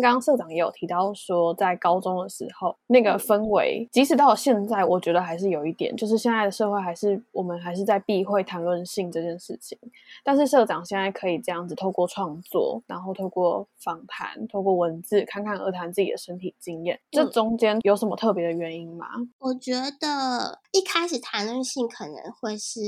剛剛色長也有提到說，在高中的時候那個氛圍、嗯，即使到現在，我覺得還是有一點，就是現在的社會還是我們還是在避諱談論性這件事情。但是色長現在可以這樣子，透過創作，然後透過訪談，透過文字，侃侃而談自己的身體經驗、嗯，這中間有什麼特別的原因嗎？我覺得一開始談論性可能會是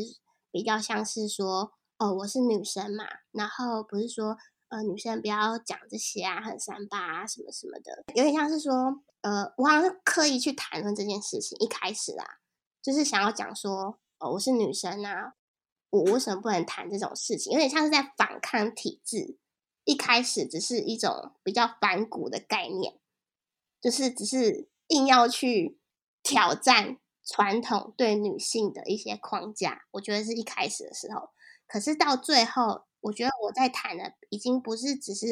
比較像是說，哦，我是女生嘛，然後不是說。呃，女生不要講這些啊，很三八啊，什麼什麼的，有點像是說，呃，我好像是刻意去談論這件事情。一開始啊，就是想要講說，哦，我是女生啊，我為什麼不能談這種事情？有點像是在反抗體制。一開始只是一種比較反骨的概念，就是只是硬要去挑戰傳統對女性的一些框架。我覺得是一開始的時候，可是到最後。我覺得我在談的已經不是只是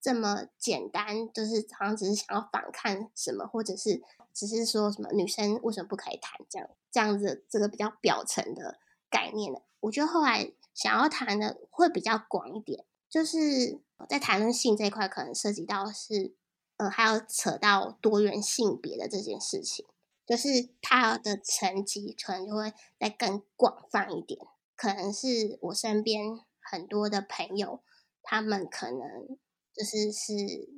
這麼簡單，就是好像只是想要反抗什麼，或者是只是說什麼女生為什麼不可以談這樣這樣子這個比較表層的概念了。我覺得後來想要談的會比較廣一點，就是在談論性這一塊，可能涉及到是呃還要扯到多元性別的這件事情，就是他的層級可能就會再更廣泛一點，可能是我身邊。很多的朋友，他們可能就是是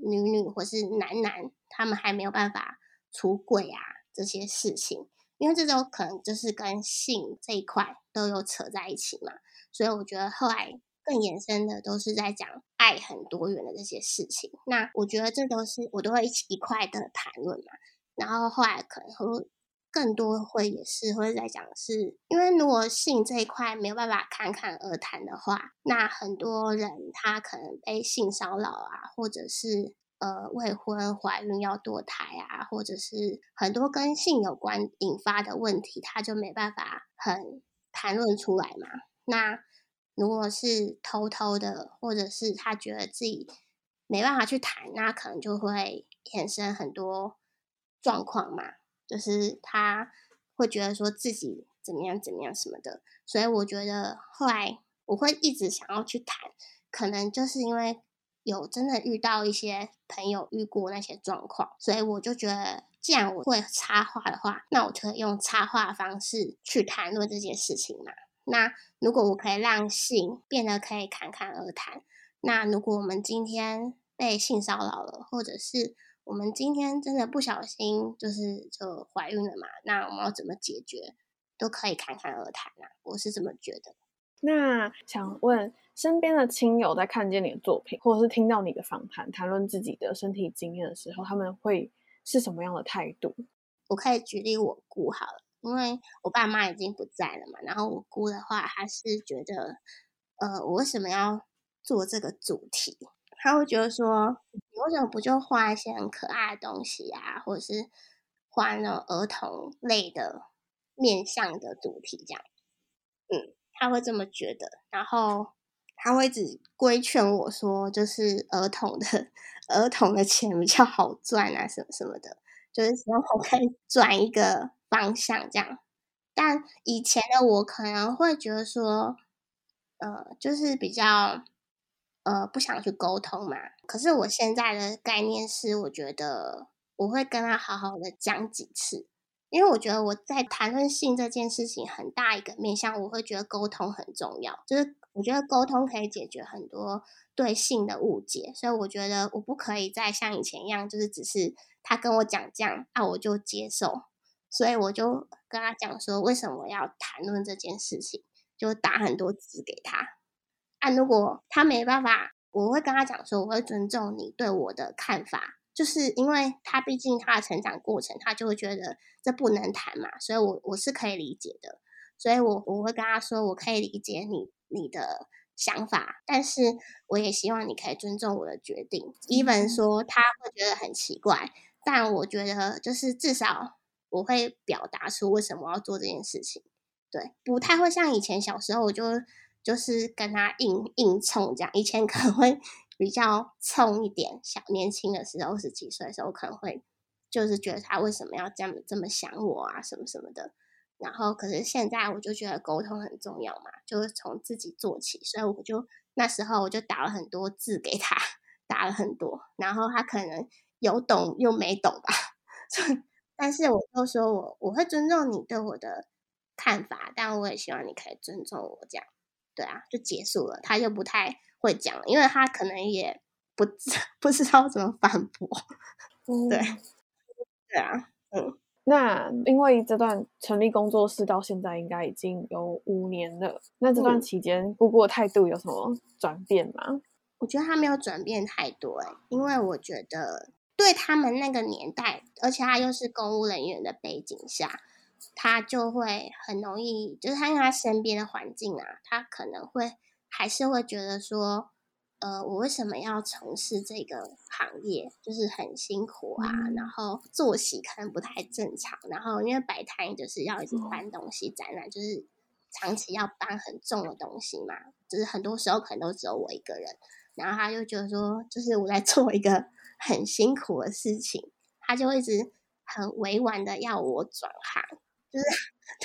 女女或是男男，他們還沒有辦法出櫃啊，這些事情，因為這都可能就是跟性這一塊都有扯在一起嘛，所以我覺得後來更延伸的都是在講愛很多元的這些事情。那我覺得這都是我都會一起一塊的談論嘛，然後後來可能會更多會也是會在講，是因為如果性這一塊沒有辦法侃侃而談的話，那很多人他可能被性騷擾啊，或者是呃未婚懷孕要墮胎啊，或者是很多跟性有關引發的問題，他就沒辦法很談論出來嘛。那如果是偷偷的，或者是他覺得自己沒辦法去談，那可能就會衍生很多狀況嘛。就是他會覺得說自己怎麼樣怎麼樣什麼的，所以我覺得後來我會一直想要去談，可能就是因為有真的遇到一些朋友遇過那些狀況，所以我就覺得，既然我會插畫的話，那我就用插畫方式去談論這件事情嘛。那如果我可以讓性變得可以侃侃而談，那如果我們今天被性騷擾了，或者是。我們今天真的不小心就是就懷孕了嘛，那我們要怎麼解決都可以侃侃而談啊。我是這麼覺得。那想問身邊的親友，在看見你的作品，或者是聽到你的訪談，談論自己的身體經驗的時候，他們會是什麼樣的態度？我可以舉例我姑好了，因為我爸媽已經不在了嘛。然後我姑的話，她是覺得，呃，我為什麼要做這個主題？她會覺得說。我為什麼不就畫一些很可愛的東西啊，或者是畫那種兒童類的面向的主題這樣。嗯，他會這麼覺得，然後他會只規勸我說，就是兒童的兒童的錢比較好賺啊，什麼什麼的，就是希望我可以轉一個方向這樣。但以前的我可能會覺得說，呃，就是比較。呃，不想去溝通嘛。可是我現在的概念是，我覺得我會跟他好好的講幾次，因為我覺得我在談論性這件事情很大一個面向，我會覺得溝通很重要，就是我覺得溝通可以解決很多對性的誤解，所以我覺得我不可以再像以前一樣，就是只是他跟我講這樣，那我就接受，所以我就跟他講說，為什麼我要談論這件事情，就打很多字給他。啊，如果他沒辦法，我會跟他講說，我會尊重你對我的看法，就是因為他畢竟他的成長過程，他就會覺得這不能談嘛，所以我我是可以理解的，所以我我會跟他說，我可以理解你你的想法，但是我也希望你可以尊重我的決定。Even 說他會覺得很奇怪，但我覺得就是至少我會表達出為什麼我要做這件事情，對，不太會像以前小時候我就。就是跟他硬硬衝這樣，以前可能會比較衝一點，小年輕的時候，十幾歲的時候可能會就是覺得他為什麼要這樣這麼想我啊，什麼什麼的。然後可是現在我就覺得溝通很重要嘛，就是從自己做起，所以我就那時候我就打了很多字給他，打了很多，然後他可能有懂又沒懂吧。所以但是我就說我我會尊重你對我的看法，但我也希望你可以尊重我這樣。對啊，就結束了。他就不太會講，因為他可能也不不知道怎麼反駁。嗯、 對，對啊，嗯。那因為這段成立工作室到現在應該已經有五年了，那這段期間，姑姑的態度有什麼轉變嗎？我覺得他沒有轉變太多，欸，因為我覺得對他們那個年代，而且他又是公務人員的背景下。他就會很容易，就是他看他身邊的環境啊，他可能會還是會覺得說，呃，我為什麼要從事這個行業？就是很辛苦啊，然後作息可能不太正常，然後因為擺攤就是要一直搬東西、嗯、展覽，就是長期要搬很重的東西嘛，就是很多時候可能都只有我一個人，然後他就覺得說，就是我在做一個很辛苦的事情，他就會一直很委婉的要我轉行。就是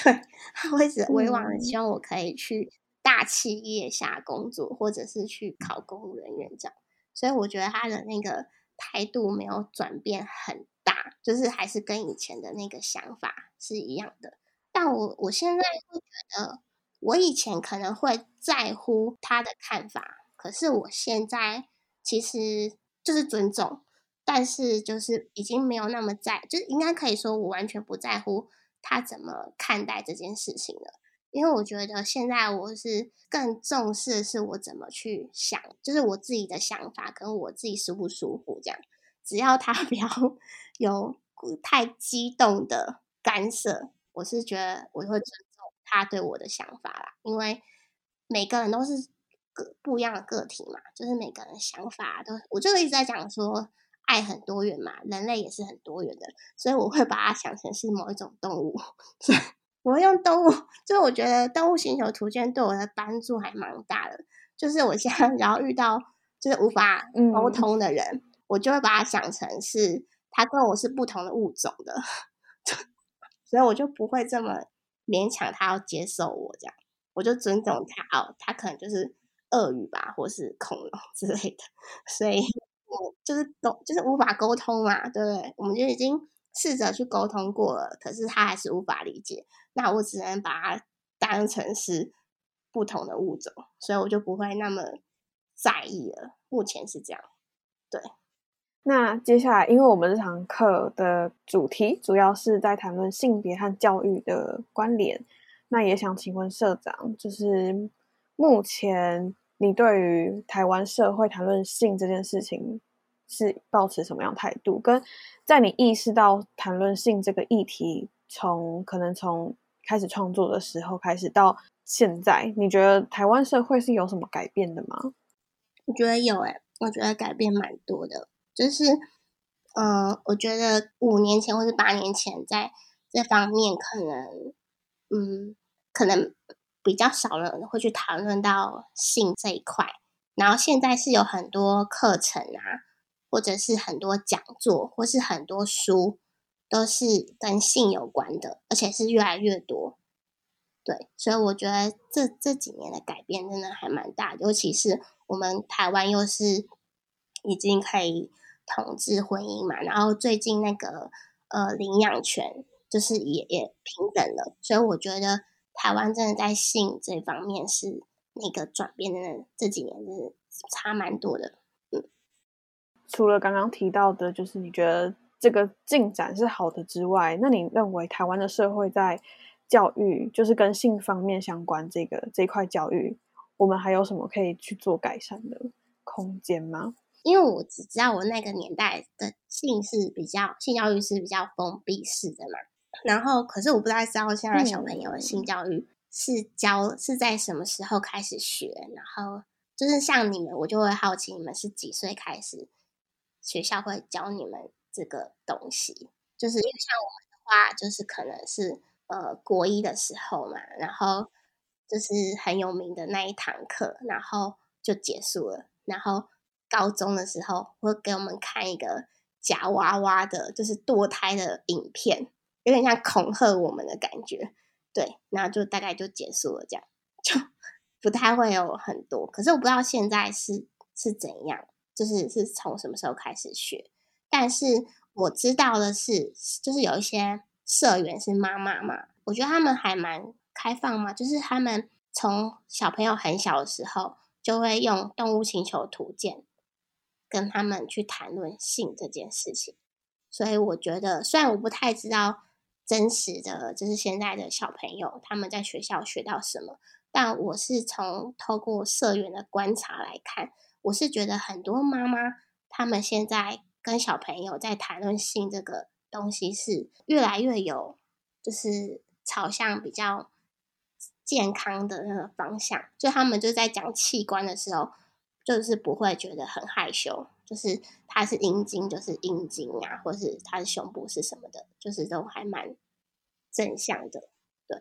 對，他會一直委婉的希望我可以去大企業下工作，或者是去考公務人員這樣。所以我覺得他的那個態度沒有轉變很大，就是還是跟以前的那個想法是一樣的。但我我現在會覺得，我以前可能會在乎他的看法，可是我現在其實就是尊重，但是就是已經沒有那麼在，就是應該可以說我完全不在乎，他怎麼看待這件事情呢？因為我覺得現在我是更重視，是我怎麼去想，就是我自己的想法跟我自己舒不舒服這樣。只要他不要有太激動的干涉，我是覺得我就會尊重他對我的想法啦。因為每個人都是個不一樣的個體嘛，就是每個人想法都，我就一直在講說。愛很多元嘛，人類也是很多元的，所以我會把它想成是某一種動物。所 以我會用動物，就是我覺得《動物腥球圖鑑》對我的幫助還蠻大的。就是我現在，然後遇到就是無法溝通的人，嗯，我就會把它想成是他跟我是不同的物種的，所以我就不會這麼勉強他要接受我這樣，我就尊重他哦。他可能就是鱷魚吧，或是恐龍之類的，所以。就是懂，就是無法溝通嘛，對，我們就已經試着去溝通過了，可是他還是無法理解。那我只能把它當成是不同的物種，所以我就不會那麼在意了。目前是這樣，對。那接下來，因為我們這堂課的主題主要是在談論性別和教育的關聯，那也想請問色長，就是目前。你對於台灣社會談論性這件事情是抱持什麼樣態度？跟在你意識到談論性這個議題從，從可能從開始創作的時候開始到現在，你覺得台灣社會是有什麼改變的嗎？我覺得有誒、欸，我覺得改變蠻多的，就是嗯，我覺得五年前或是八年前在這方面可能，嗯，可能。比較少人會去談論到性這一塊，然後現在是有很多課程啊，或者是很多講座，或是很多書，都是跟性有關的，而且是越來越多。對，所以我覺得這這幾年的改變真的還蠻大的，尤其是我們台灣又是已經可以同志婚姻嘛，然後最近那個呃領養權就是也也平等了，所以我覺得。台灣真的在性這方面是那個轉變的這幾年是差蠻多的。嗯，除了剛剛提到的，就是你覺得這個進展是好的之外，那你認為台灣的社會在教育，就是跟性方面相關這個這塊教育，我們還有什麼可以去做改善的空間嗎？因為我只知道我那個年代的性是比較，性教育是比較封閉式的嘛。然後，可是我不太知道，像小朋友的性教育是教、嗯、是教、是在什麼時候開始學？然後就是像你們，我就會好奇，你們是幾歲開始學校會教你們這個東西？就是因為像我們的話，就是可能是呃國一的時候嘛，然後就是很有名的那一堂課，然後就結束了。然後高中的時候，會給我們看一個假娃娃的，就是墮胎的影片。有點像恐嚇我們的感覺，對，然後就大概就結束了，這樣就不太會有很多。可是我不知道現在是是怎樣，就是是從什麼時候開始學，但是我知道的是，就是有一些社員是媽媽嘛，我覺得他們還蠻開放嘛，就是他們從小朋友很小的時候就會用《動物腥球圖鑑》跟他們去談論性這件事情，所以我覺得，雖然我不太知道。真實的，就是現在的小朋友他們在學校學到什麼？但我是從透過社員的觀察來看，我是覺得很多媽媽他們現在跟小朋友在談論性這個東西是越來越有，就是朝向比較健康的那個方向。所以他們就在講器官的時候，就是不會覺得很害羞。就是他是陰莖，就是陰莖啊，或者是他的胸部是什麼的，就是都還蠻正向的，對。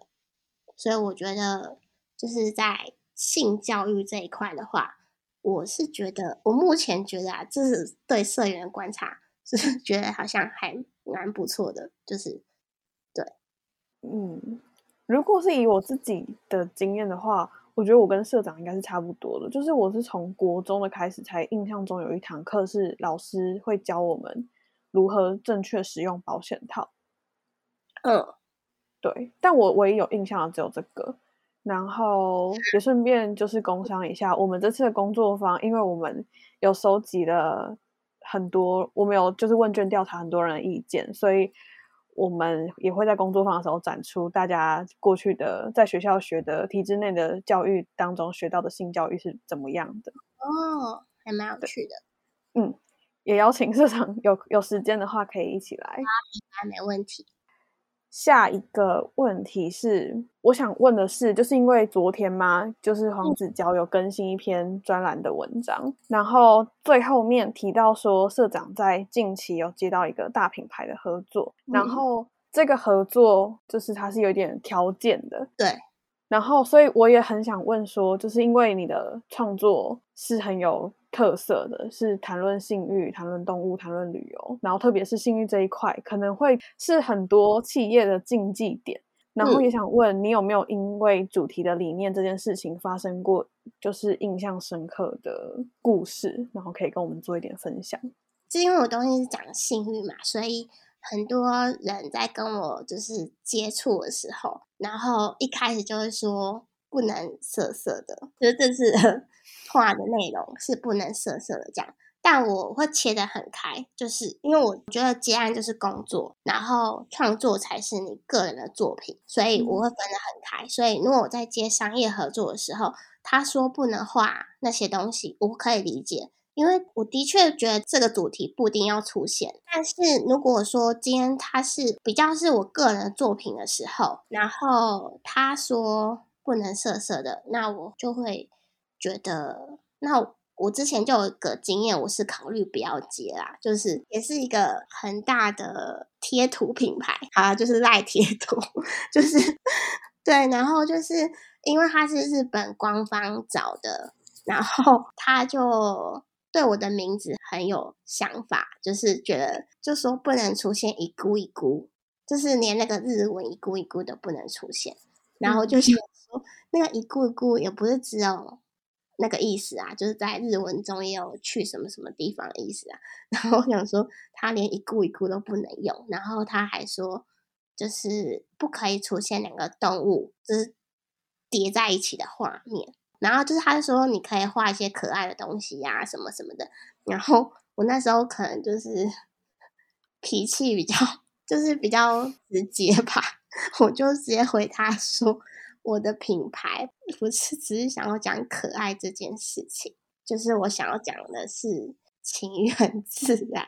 所以我覺得就是在性教育這一塊的話，我是覺得我目前覺得啊，這、就是對社員觀察，就是覺得好像還蠻不錯的，就是對，嗯。如果是以我自己的經驗的話。我覺得我跟色長應該是差不多的，就是我是從國中的開始才印象中有一堂課是老師會教我們如何正確使用保險套。嗯，對，但我唯一有印象的只有這個，然後也順便就是工商一下，我們這次的工作坊，因為我們有收集了很多，我們有就是問卷調查很多人的意見，所以。我們也會在工作坊的時候展出大家過去的在學校學的體制內的教育當中學到的性教育是怎麼樣的哦，還蠻有趣的。嗯，也邀請色長有有時間的話可以一起來，啊，沒問題。下一個問題是，我想問的是，就是因為昨天嘛，就是黃子佼有更新一篇專欄的文章，嗯、然後最後面提到說，色長在近期有接到一個大品牌的合作，嗯，然後這個合作就是它是有點條件的，對。然後，所以我也很想問說，就是因為你的創作是很有。特色的，是談論性慾、談論動物、談論旅遊，然後特別是性慾這一塊，可能會是很多企業的禁忌點。然後也想問你有沒有因為主題的理念這件事情發生過，就是印象深刻的故事，然後可以跟我們做一點分享。是、嗯、因為我東西是講性慾嘛，所以很多人在跟我就是接觸的時候，然後一開始就會說。不能色色的，就是這次畫的內容是不能色色的這樣。但我會切得很開，就是因為我覺得接案就是工作，然後創作才是你個人的作品，所以我會分得很開。所以如果我在接商業合作的時候，他說不能畫那些東西，我可以理解，因為我的確覺得這個主題不一定要出現。但是如果說今天他是比較是我個人的作品的時候，然後他說。不能色色的，那我就會覺得，那我，我之前就有個經驗，我是考慮不要接啦，就是也是一個很大的貼圖品牌，啊，就是賴貼圖，就是對，然後就是因為他是日本官方找的，然後他就對我的名字很有想法，就是覺得就說不能出現一孤一孤，就是連那個日文一孤一孤都不能出現，然後就是。那個一顧一顧也不是只有那個意思啊，就是在日文中也有去什麼什麼地方的意思啊。然後我想說，他連一顧一顧都不能用，然後他還說，就是不可以出現兩個動物就是疊在一起的畫面。然後就是他就說，你可以畫一些可愛的東西呀，啊，什麼什麼的。然後我那時候可能就是脾氣比較，就是比較直接吧，我就直接回他說。我的品牌不是只是想要講可愛這件事情，就是我想要講的是情很自然、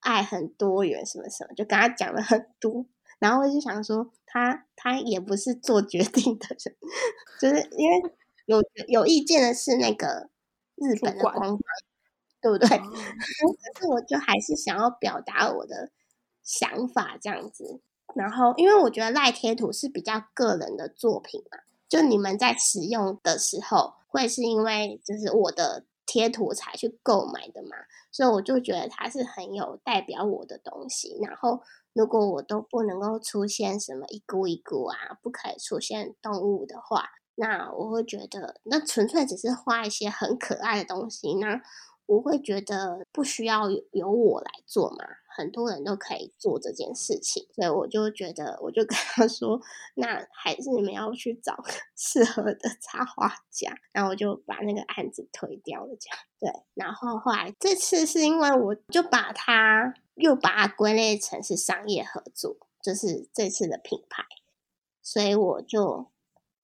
愛很多元什麼什麼，就跟他講了很多。然後我就想說他，他他也不是做決定的人，就是因為有有意見的是那個日本的官方，對不對？可 是我就還是想要表達我的想法，這樣子。然後，因為我覺得賴貼圖是比較個人的作品嘛，就你們在使用的時候，會是因為就是我的貼圖才去購買的嘛，所以我就覺得它是很有代表我的東西。然後，如果我都不能夠出現什麼一咕一咕啊，不可以出現動物的話，那我會覺得那純粹只是畫一些很可愛的東西呢，那我會覺得不需要由我來做嘛。很多人都可以做這件事情，所以我就覺得，我就跟他說，那還是你們要去找適合的插畫家，然後我就把那個案子推掉了，這樣對。然後後來這次是因為我就把它又把它歸類成是商業合作，就是這次的品牌，所以我就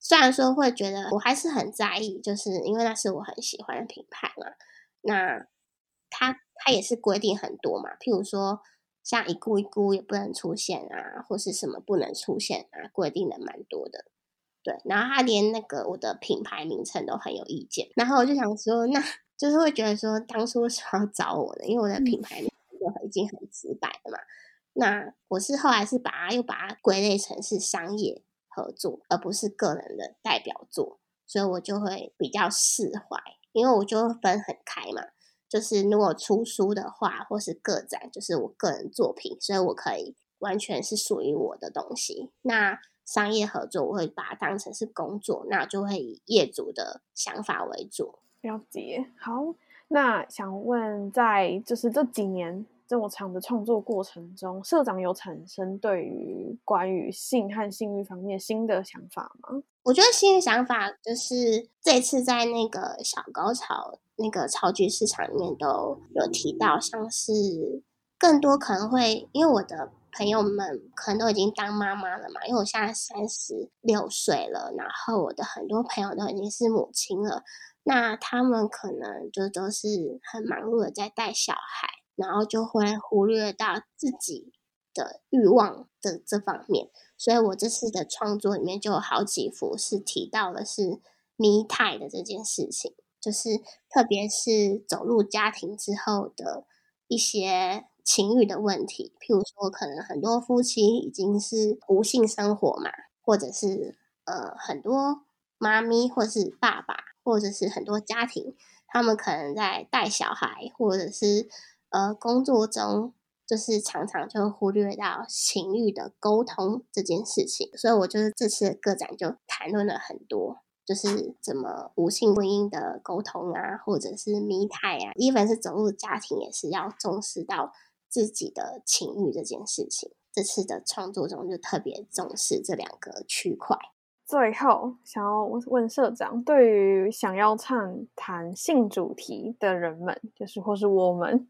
雖然說會覺得我還是很在意，就是因為那是我很喜歡的品牌嘛，那他。它也是規定很多嘛，譬如說像一孤一孤也不能出現啊，或是什麼不能出現啊，規定的蠻多的。對，然後他連那個我的品牌名稱都很有意見，然後我就想說，那就是會覺得說當初為什麼要找我呢？因為我的品牌名稱已經很直白了嘛。嗯、那我是後來是把它又把它歸類成是商業合作，而不是個人的代表作，所以我就會比較釋懷，因為我就分很開嘛。就是如果出書的話，或是個展，就是我個人作品，所以我可以完全是屬於我的東西。那商業合作，我會把它當成是工作，那就會以業主的想法為主。了解。好，那想問，在就是這幾年這麼長的創作過程中，色長有產生對於關於性和性欲方面新的想法嗎？我覺得新的想法就是這次在那個小高潮。那個超級市場裡面都有提到，像是更多可能會因為我的朋友們可能都已經當媽媽了嘛，因為我現在三十六歲了，然後我的很多朋友都已經是母親了，那他們可能就都是很忙碌的在帶小孩，然後就會忽略到自己的欲望的這方面，所以我這次的創作裡面就有好幾幅是提到的是迷泰的這件事情。就是特別是走入家庭之後的一些情欲的問題，譬如說，可能很多夫妻已經是無性生活嘛，或者是呃，很多媽咪或是爸爸，或者是很多家庭，他們可能在帶小孩或者是呃工作中，就是常常就忽略到情欲的溝通這件事情，所以我覺得這次的個展就談論了很多。就是怎麼無性婚姻的溝通啊，或者是咪太啊，即便是走入家庭，也是要重視到自己的情慾這件事情。這次的創作中，就特別重視這兩個區塊。最後，想要問色長，對於想要暢談性主題的人們，就是或是我們，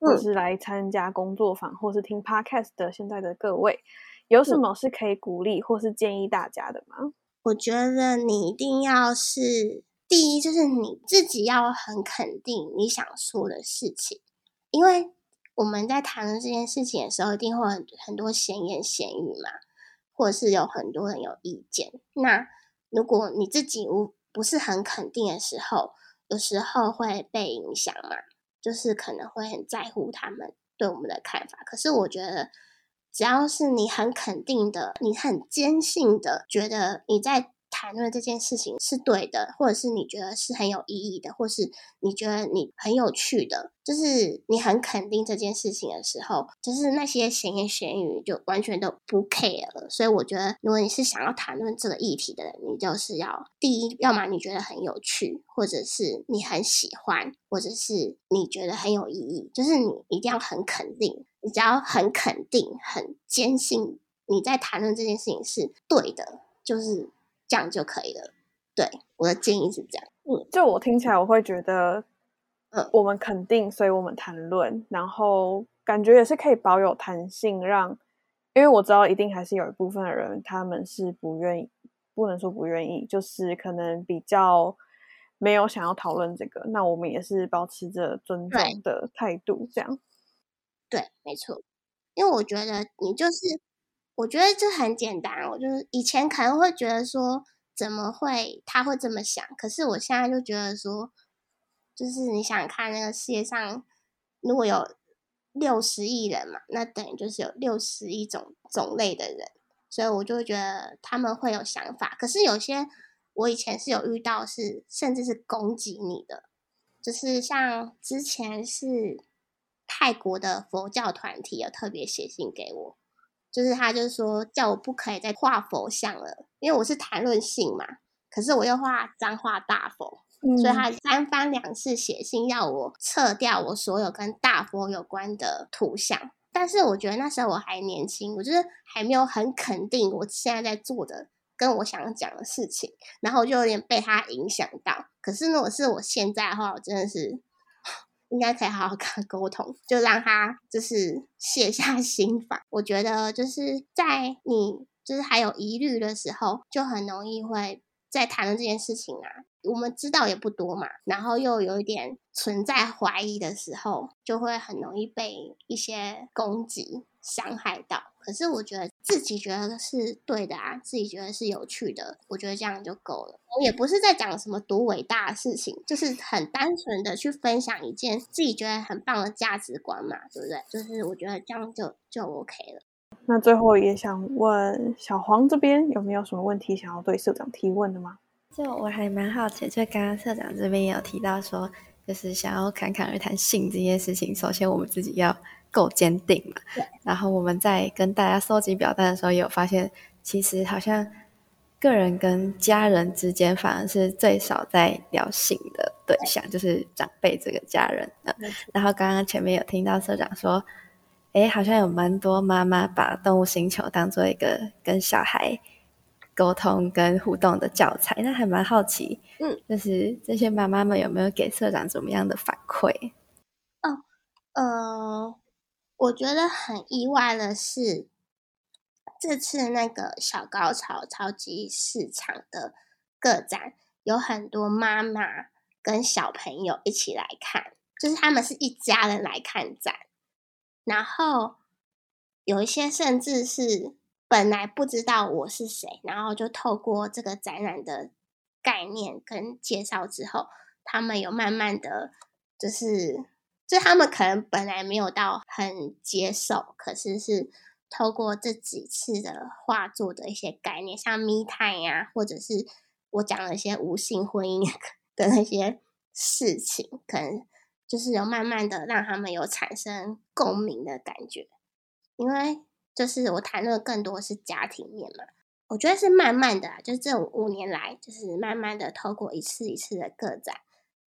或、嗯、是來參加工作坊，或是聽 Podcast 的現在的各位，有什麼是可以鼓勵、嗯、或是建議大家的嗎？我覺得你一定要是第一，就是你自己要很肯定你想說的事情，因為我們在談論這件事情的時候，一定會很很多閒言閒語嘛，或者是有很多人有意見。那如果你自己不不是很肯定的時候，有時候會被影響嘛，就是可能會很在乎他們對我們的看法。可是我覺得。只要是你很肯定的，你很堅信的，覺得你在談論這件事情是對的，或者是你覺得是很有意義的，或是你覺得你很有趣的，就是你很肯定這件事情的時候，就是那些閒言閒語就完全都不 care 了。所以我覺得，如果你是想要談論這個議題的人，你就是要第一，要麼你覺得很有趣，或者是你很喜歡，或者是你覺得很有意義，就是你一定要很肯定，你只要很肯定、很堅信你在談論這件事情是對的，就是。這樣就可以了。對，我的建議是這樣。嗯，就我聽起來，我會覺得，我們肯定、嗯，所以我們談論，然後感覺也是可以保有彈性，讓，因為我知道一定還是有一部分的人，他們是不願意，不能說不願意，就是可能比較沒有想要討論這個。那我們也是保持着尊重的態度，這樣、嗯。對，沒錯。因為我覺得你就是。我覺得這很簡單，我就是以前可能會覺得說怎麼會他會這麼想，可是我現在就覺得說，就是你想看那個世界上如果有六十億人嘛，那等於就是有六十億種種類的人，所以我就會覺得他們會有想法。可是有些我以前是有遇到是甚至是攻擊你的，就是像之前是泰國的佛教團體有特別寫信給我。就是他，就是說叫我不可以再畫佛像了，因為我是談論性嘛。可是我又畫髒畫大佛、嗯，所以他三番兩次寫信要我撤掉我所有跟大佛有關的圖像。但是我覺得那時候我還年輕，我就是還沒有很肯定我現在在做的跟我想講的事情，然後我就有點被他影響到。可是呢，如果是我現在的話，我真的是。應該可以好好跟他溝通，就讓他就是卸下心防。我覺得就是在你就是還有疑慮的時候，就很容易會在談論這件事情啊。我們知道也不多嘛，然後又有一點存在懷疑的時候，就會很容易被一些攻擊傷害到，可是我覺得自己覺得是對的啊，自己覺得是有趣的，我覺得這樣就夠了。我也不是在講什麼多偉大的事情，就是很單純的去分享一件自己覺得很棒的價值觀嘛，對不對？就是我覺得這樣就就 OK 了。那最後也想問小黃這邊有沒有什麼問題想要對色長提問的嗎？就我還蠻好奇，就剛剛色長這邊也有提到說，就是想要侃侃而談性這件事情，首先我們自己要。夠堅定嘛？然後我們在跟大家蒐集表單的時候，也有發現，其實好像個人跟家人之間，反而是最少在聊性的對象，對就是長輩這個家人、嗯、然後剛剛前面有聽到色長說，哎，好像有蠻多媽媽把《動物腥球》當做一個跟小孩溝通跟互動的教材。那還蠻好奇，嗯，就是這些媽媽們有沒有給色長怎麼樣的反饋？哦，嗯、呃。我覺得很意外的是，這次那個小高潮超級市場的個展，有很多媽媽跟小朋友一起來看，就是他們是一家人來看展。然後有一些甚至是本來不知道我是誰，然後就透過這個展覽的概念跟介紹之後，他們有慢慢的就是。就他們可能本來沒有到很接受，可是是透過這幾次的畫作的一些概念，像咪太呀，或者是我講了一些無性婚姻的那些事情，可能就是有慢慢的讓他們有產生共鳴的感覺。因為就是我談論更多是家庭面嘛，我覺得是慢慢的，就是這五年來，就是慢慢的透過一次一次的個展，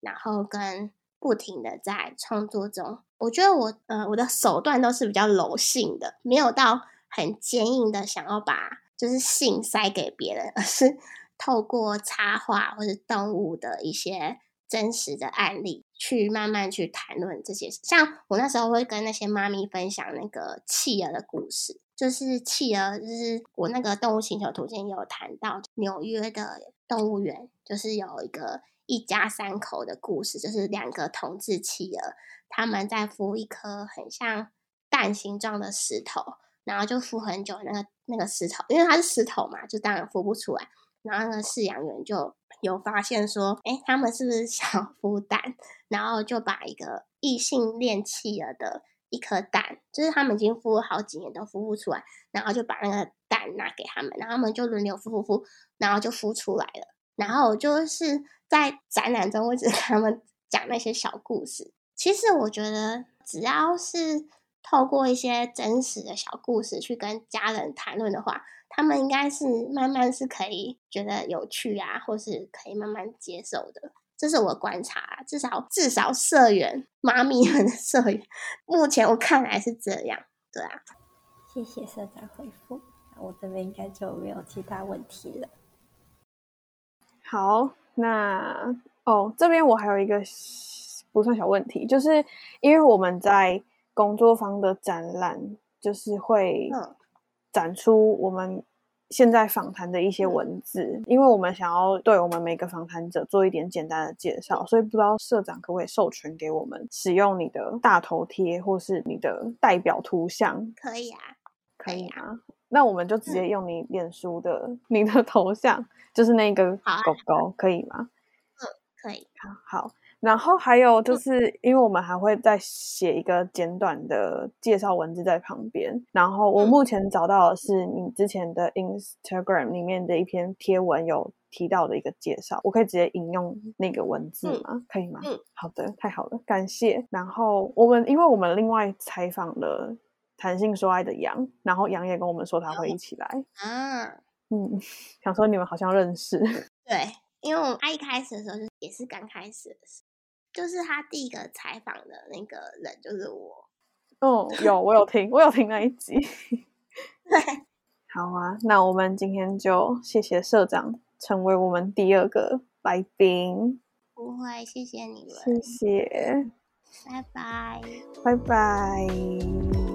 然後跟。不停的在創作中，我覺得我呃我的手段都是比較柔性的，沒有到很堅硬的想要把就是性塞給別人，而是透過插畫或者動物的一些真實的案例去慢慢去談論這些事。像我那時候會跟那些媽咪分享那個企鵝的故事，就是企鵝，就是我那個動物腥球圖鑑也有談到紐約的動物園，就是有一個。一家三口的故事，就是兩個同志企鵝，他們在孵一顆很像蛋形狀的石頭，然後就孵很久。那個那個石頭，因為它是石頭嘛，就當然孵不出來。然後那個飼養員就有發現說：“哎，他們是不是想孵蛋？”然後就把一個異性戀企鵝的一顆蛋，就是他們已經孵了好幾年都孵不出來，然後就把那個蛋拿給他們，然後他們就輪流孵孵孵，然後就孵出來了。然後我就是在展覽中，我只跟他們講那些小故事。其實我覺得，只要是透過一些真實的小故事去跟家人談論的話，他們應該是慢慢是可以覺得有趣啊，或是可以慢慢接受的。這是我觀察啊，至少至少社員媽咪們的社員，目前我看來是這樣。對啊，謝謝色長回覆。我這邊應該就沒有其他問題了。好，那哦，這邊我還有一個不算小問題，就是因為我們在工作坊的展覽，就是會展出我們現在訪談的一些文字，嗯，因為我們想要對我們每個訪談者做一點簡單的介紹，所以不知道色長可不可以授權給我們使用你的大頭貼或是你的代表圖像？可以啊，可以啊。那我們就直接用你臉書的、嗯、你的頭像，就是那個狗狗，可以嗎？嗯，可以。好，然後還有就是，因為我們還會再寫一個簡短的介紹文字在旁邊。然後我目前找到的是你之前的 Instagram 裡面的一篇貼文有提到的一個介紹，我可以直接引用那個文字嗎？嗯、可以嗎？嗯，好的，太好了，感謝。然後我們，因為我們另外採訪了。談性說愛的羊，然後羊也跟我們說他會一起來、哦啊、嗯，想說你們好像認識，對，因為我他一開始的時候就是、也是剛開始的，就是他第一個採訪的那個人就是我，哦、嗯，有我有聽我有聽那一集對，好啊，那我們今天就謝謝色長成為我們第二個來賓，不會，謝謝你們，謝謝，拜拜，拜拜。